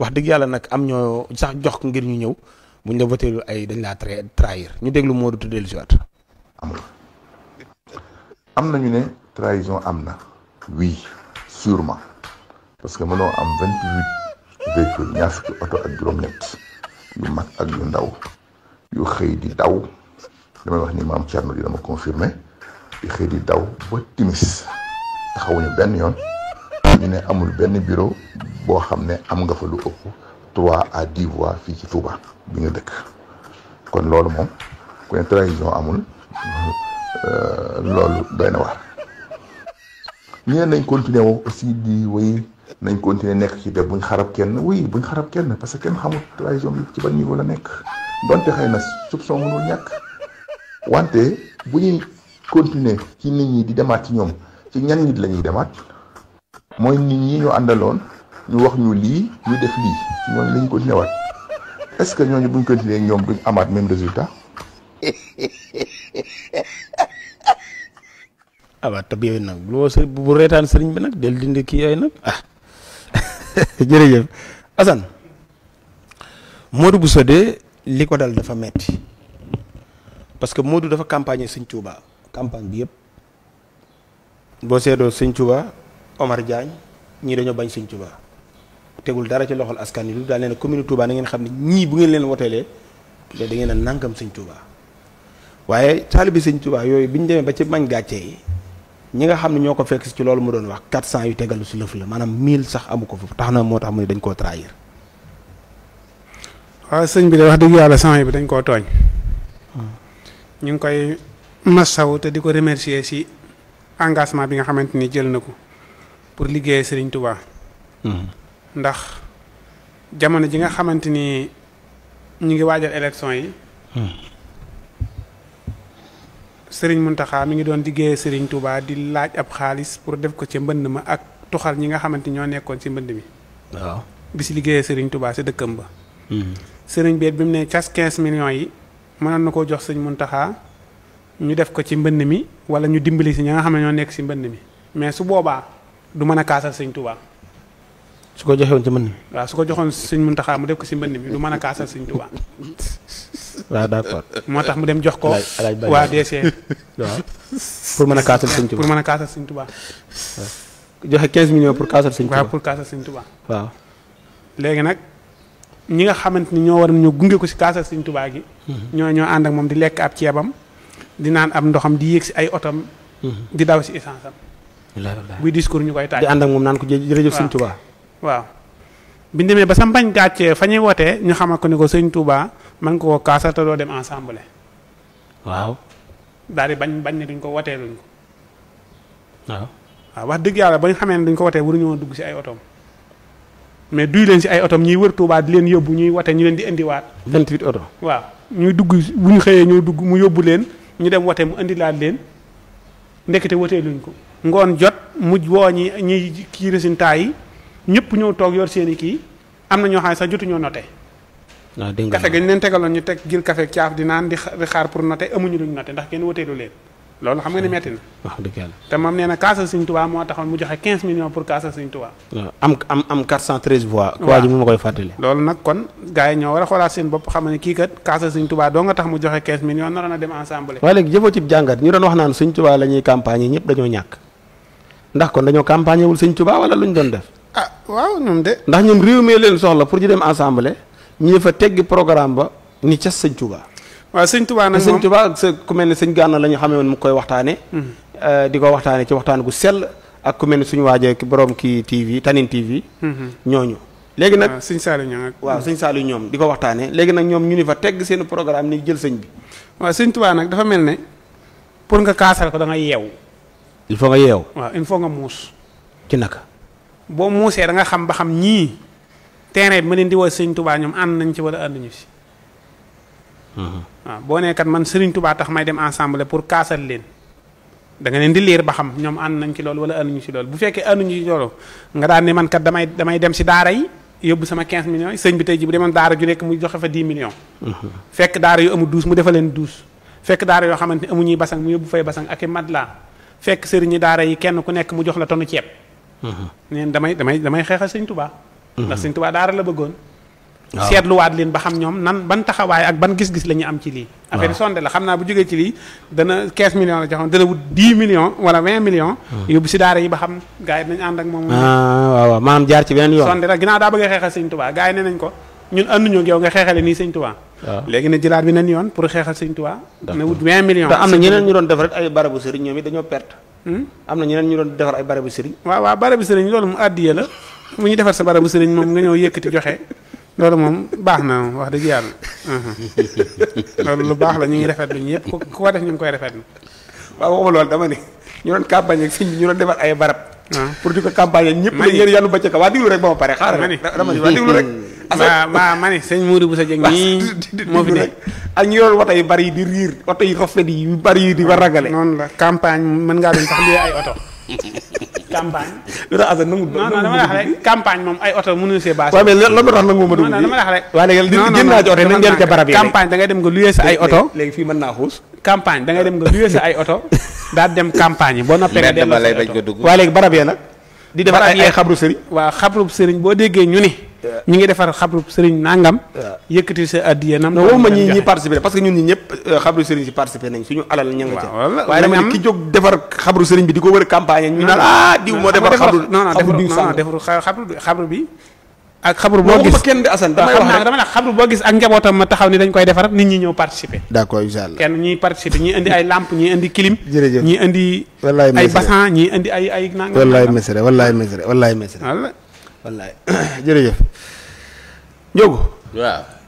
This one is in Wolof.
wax dëgg yàlla nag am ñoo sax jox ngir ñu ñëw buñ la voté ay dañ laa trai ñu déglu Modou Touré dellu si waat. am am nañu ne trahison am na. oui sûrement parce que mënoo am vingt huit véhicules ñaar fukki oto ak juróom-ñett yu mag ak yu ndaw yu xëy di daw damay wax ni maam Thierno di dama confirmé yu xëy di daw ba timis taxawuñu benn yoon. ñu ne amul benn bureau boo xam ne am nga fa lu ëpp trois à dix voix fii ci Touba bi nga dëkk kon loolu moom ku ne trahison amul euh, loolu benn na waar ñeen nañ continuer woo aussi di wéy nañ continuer nekk ci def buñ xarab kenn oui buñ xarab kenn parce que kenn xamul trahison bi ci ban niveau a nekk donte xëy na soupçon mënul ñàkk wante bu ñuy continuer ci nit ñi di demaat ci ñoom ci ñan nit la ñuy demaat mooy nit ñi ñu àndaloon ñu wax ñu lii ñu def lii ñooñu lañ ko ñëwaat est-ce que ñooñu buñ continuer ak ñoom duñ amaat même résultat. ah waaw nag bu woo bu reetaan sëriñ bi nag del dindi kii yooyu nag ah jërëjëf Assane Modou bu sodee li ko dal dafa metti parce que Modou dafa campagne sëñ Touba campagne bi yëpp boo seedoo sëñ Touba. Omar Diagne ñii dañoo bañ Sëñ Touba tegul dara ci loxol askan wi lu daal ne commune Touba na ngeen xam ne ñii bu ngeen leen woteelee da ngeen a nangam Sëñ waaye taalibi Sëñ Touba yooyu bi ñu demee ba ci mañ gàcce yi ñi nga xam ne ñoo ko fekk si ci loolu mu doon wax 400 yu tegalu si lëf la maanaam 1000 sax amu ko fa tax na moo tax mu ne dañ koo trahir. waaw sëñ bi de wax dëgg yàlla sang bi dañ koo tooñ. Hmm. ñu ngi koy masawu te di ko remercier si engagement bi nga xamante ni jël na ko. pour liggéey Serigne Touba. Mm-hmm. ndax jamono ji nga xamante ni ñu ngi waajal élection yi. Mm-hmm. Serigne Mountakha mi ngi doon liggéey Serigne tubaa di laaj ab xaalis pour def ko ci mbënd ma ak tuxal ñi nga xamante ñoo nekkoon ci mbënd mi. waaw bi si liggéeyee Serigne Touba si dëkkam ba. Mm-hmm. Serigne bi bi mu ne cas 15 millions yi mënoon na koo jox Serigne Mountakha ñu def ko ci mbënn mi wala ñu dimbali si ñi nga xam ne ñoo nekk si mbënd mi mais su boobaa. du mën a kaasal sëñ tubaa su ko joxewoon ci mbënn mi. waaw su ko joxoon mun Muntaxa mu def ko si mbënn mi du mën a kaasal sëñ Touba. waaw moo tax mu dem jox ko. waa DC. waaw pour mën a kaasal sëñ Touba pour mën a kaasal sëñ Touba. joxe 15 millions pour kaasal sëñ Touba waaw pour kaasal sëñ Touba. waaw. léegi nag ñi nga xamante ni ñoo war ñoo gunge ko si kaasal sëñ tubaa gi. Mhm. ñoo ñoo ànd ak moom di lekk ab ceebam. di naan ab ndoxam di yéeg si ay otom. Mhm. di daw si essence buy discours ñu koy taaj. di ànd ak moom naan ko jërëjëf sëñ Touba. waaw biñ demee ba sa mbañ gàccee fa ñuy wootee ñu xamal ko ni ko sëñ tuubaa man ko kaasa te doo dem ensemble. waaw. daal di bañ bañ ne duñ ko wootee luñ ko. waaw. wax dëgg yàlla ba ñu xamee ne duñ ko wootee waruñoo dugg si ay oto mais duy leen si ay oto ñuy wër Touba di leen yóbbu ñuy wote ñu leen di indiwaat. 28 oto. waaw ñuy dugg bu ñu xëyee ñoo dugg mu yóbbu leen ñu dem wote mu indilaat leen ndekete wotee luñ ko ngoon jot muj woo ñi ñi kii résultat yi ñëpp ñëw toog yor seen i kii am na ñoo xam ne sax jotuñoo noté ah, kafe gañ leen tegaloon ñu teg jël kafe caaf di naan di xaar pour noté amuñu luñ noté ndax kenn woteelu leen loolu xam nga ne metti na. wax dëgg yàlla te moom nee na kaasa Sëriñ moo taxoon mu joxe 15 millions pour kaasa Sëriñ Tuubaa. am am am 413 voix. waaw waa ji mu ma koy fàttali. loolu nag kon gars yi ñoo war a xoolaat seen bopp xam kii kat kaasa Sëriñ Tuubaa doo nga tax mu joxe 15 millions naroon a dem ensemble. waaye léegi jëfoo cib jàngat ñu doon wax naan Sëriñ Tuubaa la ñuy campagne dañoo ñàkk ndax kon dañoo campagne wul Sëriñ Tuubaa wala lu ñu doon def. ah waaw ñoom de. ndax ñoom réew mi leen pour ñu dem ensemble ñu fa teggi ba ni ca Sëriñ Tuubaa waa sëñ Touba nag moom sëñ Touba sa ku mel ne sëñ Gànna la ñu xamee woon mu koy waxtaanee. Hmm. Euh, di ko waxtaanee ci waxtaan gu sell ak ku mel ne suñu waajee borom kii TV Tanin TV. Hmm, hmm. ñooñu. léegi nag ah, waaw sëñ Saliou ñoom waaw sëñ Saliou ñoom di ko waxtaanee léegi nag ñoom ñu ni fa tegg seen programme ni jël sëñ bi. waaw sëñ Touba nag dafa mel ne pour nga kaasal ko da nga yeewu. il faut nga yeewu. waaw il faut nga muus. ci naka. boo muusee da nga xam ba xam ñii terrain bi ma leen di woowee sëñ Touba ñoom ànd nañ ci wala ànd ñu waaw mm-hmm. ah, boo nekkat man Serigne tubaa tax may dem ensemble pour kaasal leen da nga leen di liir ba xam ñoom ànd nañ ci loolu wala ñu ci loolu bu fekkee ànduñu ci loolu nga daan ne mankat damay damay dem si daara yi yóbbu sama 15 millions yi sëñ bi tey ji bu demoon daara ju nekk mu joxe fa 10 millions. Mm-hmm. fekk daara yu amul douze mu defal leen douze. fekk daara yoo xamante ne amuñuy basang mu yóbbu fay basang ak i matelas fekk sëriñi daara yi kenn ku nekk mu jox la tonu ceeb. Mm-hmm. neen damay damay damay xeexal sëñ Touba. ndax sëñ Touba daara la bëggoon. seetluwaat leen ba xam ñoom nan ban taxawaay ak ban gis-gis la ñu am ci lii affaire sonde xam naa bu jógee ci lii dana 15 millions la joxoon dana wala 20 millions hmm. yóbbu si daara yi ba xam gars yi ah, ci beneen yoon sonde la a xeexal sëñ Tuubaa gars nii sëñ Tuubaa léegi na jëlaat bi nen yoon pour xeexal sëñ Tuubaa na wut 20 millions te am na ñeneen ñu doon def ay barabu sëriñ ñoom hmm? ñu doon defar ay barabu sëriñ waaw waaw barabu sëriñ loolu mu àddiya la mu ñu defar sa barabu sëriñ moom nga ñëw yëkkati joxe loolu moom baax na wax dëgg yàlla loolu lu baax la ñu ngi rafetlu ñu yëpp ku ko def ñu ngi koy rafet waaw waxuma loolu dama ne ñu doon campagne bi ñu doon defal ay barab ah. pour di ko ñëpp la yéen yàllu bëccëg waa diglu rek ba ma pare xaaral ma dama ne waa diglu rek waa waa ma ne sëñ Mourou Boussa Dieng ñii moo fi nekk ak ñu doon oto yu bari yi di riir oto yi rafet yi yu bari yi di ba ah, ragale noonu la campagne mën ngaa doon sax lii ay oto campagne. lu tax Assane nangu. non non la wax campagne moom ay oto mënuñu see bâche. waaw mais moo tax nangu ma dugg fii non léegi nit nag. di defar ay xabru sëriñ. waaw xabru sëriñ boo déggee ñu ni Euh, ñu ngi defar xabru sëriñ nangam. Euh, yëkkati sa addiya nam. non waxuma ñi ñi participer parce que ñun ñi ñëpp euh, xabru sëriñ si participer nañ suñu alal ña nga ca. waaye dama ki jóg defar xabru sëriñ bi di ko wër campagne ñu naan ah diw moo defar xabru non non defaru xabru xabru bi boo gis kenn di asan damay boo gis ak njabootam ma taxaw ni dañ koy defar nit ñi ñëw participer d'accord inshallah kenn ñuy participer ñi indi ay lampe ñi indi clim ñi indi ay bassin ñi indi ay ay nangam wallaay mesere wallaay mesere wallaay mesere wallaay jërëjëf Ndiob.